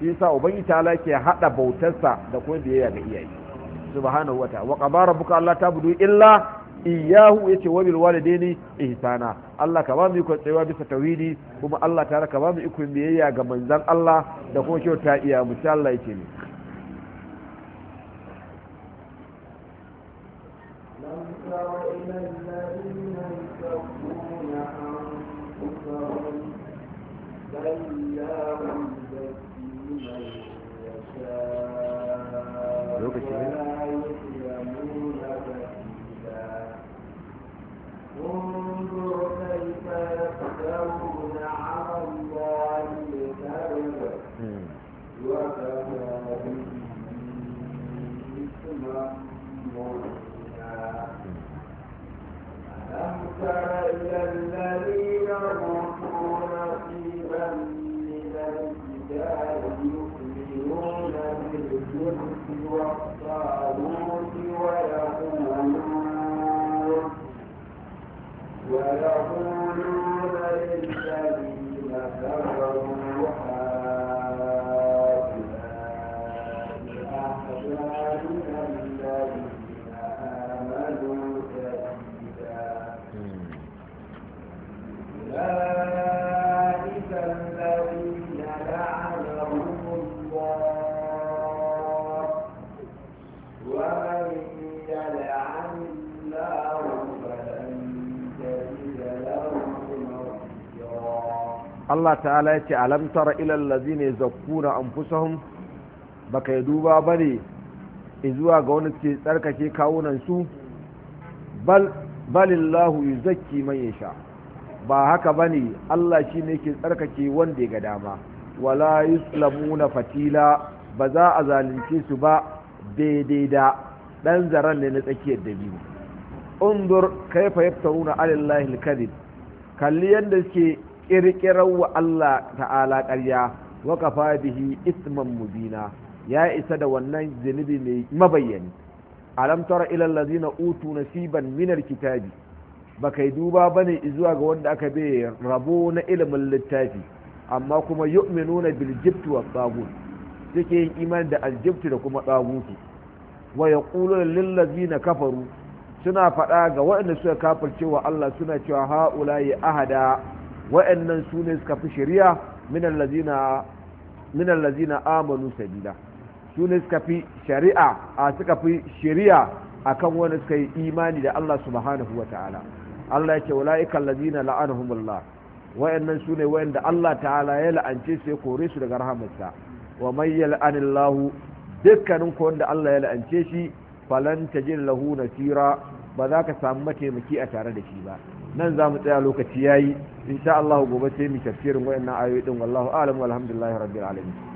isa ubangi ta ke hada bautarsa da kuma biyayya ga iyaye subhanahu wa ta'ala wa qabara buka Allah ta budu illa iyahu yace wa bil walidaini ihsana Allah ka ba mu iko tsayawa bisa tauhidi kuma Allah ta ka ba mu iko biyayya ga manzan Allah da kuma kyauta iya mu sha Allah yake ne Allah ta'ala ya ce alam tara ilal ladzina yazakkuna anfusahum baka duba bane zuwa ga wani ke tsarkake kawunan su bal balillahu yuzakki man yasha ba haka bane Allah shine yake tsarkake wanda ga dama wala yuslamuna fatila ba za a zalunce su ba daidai da dan zaran ne na tsakiyar da biyu undur kaifa yaftaruna ala alkadib kalli yanda suke kirkirar wa Allah ta'ala ƙarya wa kafa bihi isman mubina ya isa da wannan zunubi mai mabayyani alam tara ila allazina utu nasiban min alkitabi baka duba bane zuwa ga wanda aka be rabo na ilimin littafi amma kuma yu'minuna bil jibt wa suke yin imani da aljibti da kuma tagutu wa yaquluna lil ladzina kafaru suna faɗa ga waɗanda suka kafirce wa Allah suna cewa ya ahada wa'annan su ne suka fi shari'a minan lazina amanu sabila su ne suka fi shari'a a suka fi shari'a akan wani suka yi imani da Allah subhanahu wa ta'ala Allah ya ce la'ikan lazina la'anahumullah wa'annan su ne wa'anda Allah ta'ala ya la'ance su ya kore su daga rahamarsa wa man lahu dukkanin ko wanda Allah ya la'ance shi falanta jin lahu nasira ba za ka samu mataimaki a tare da shi ba nan za mu tsaya lokaci yayi yi Allah gobe sai mu tafsirin wayannan ayoyi din wallahu a'lam walhamdulillahi rabbil alamin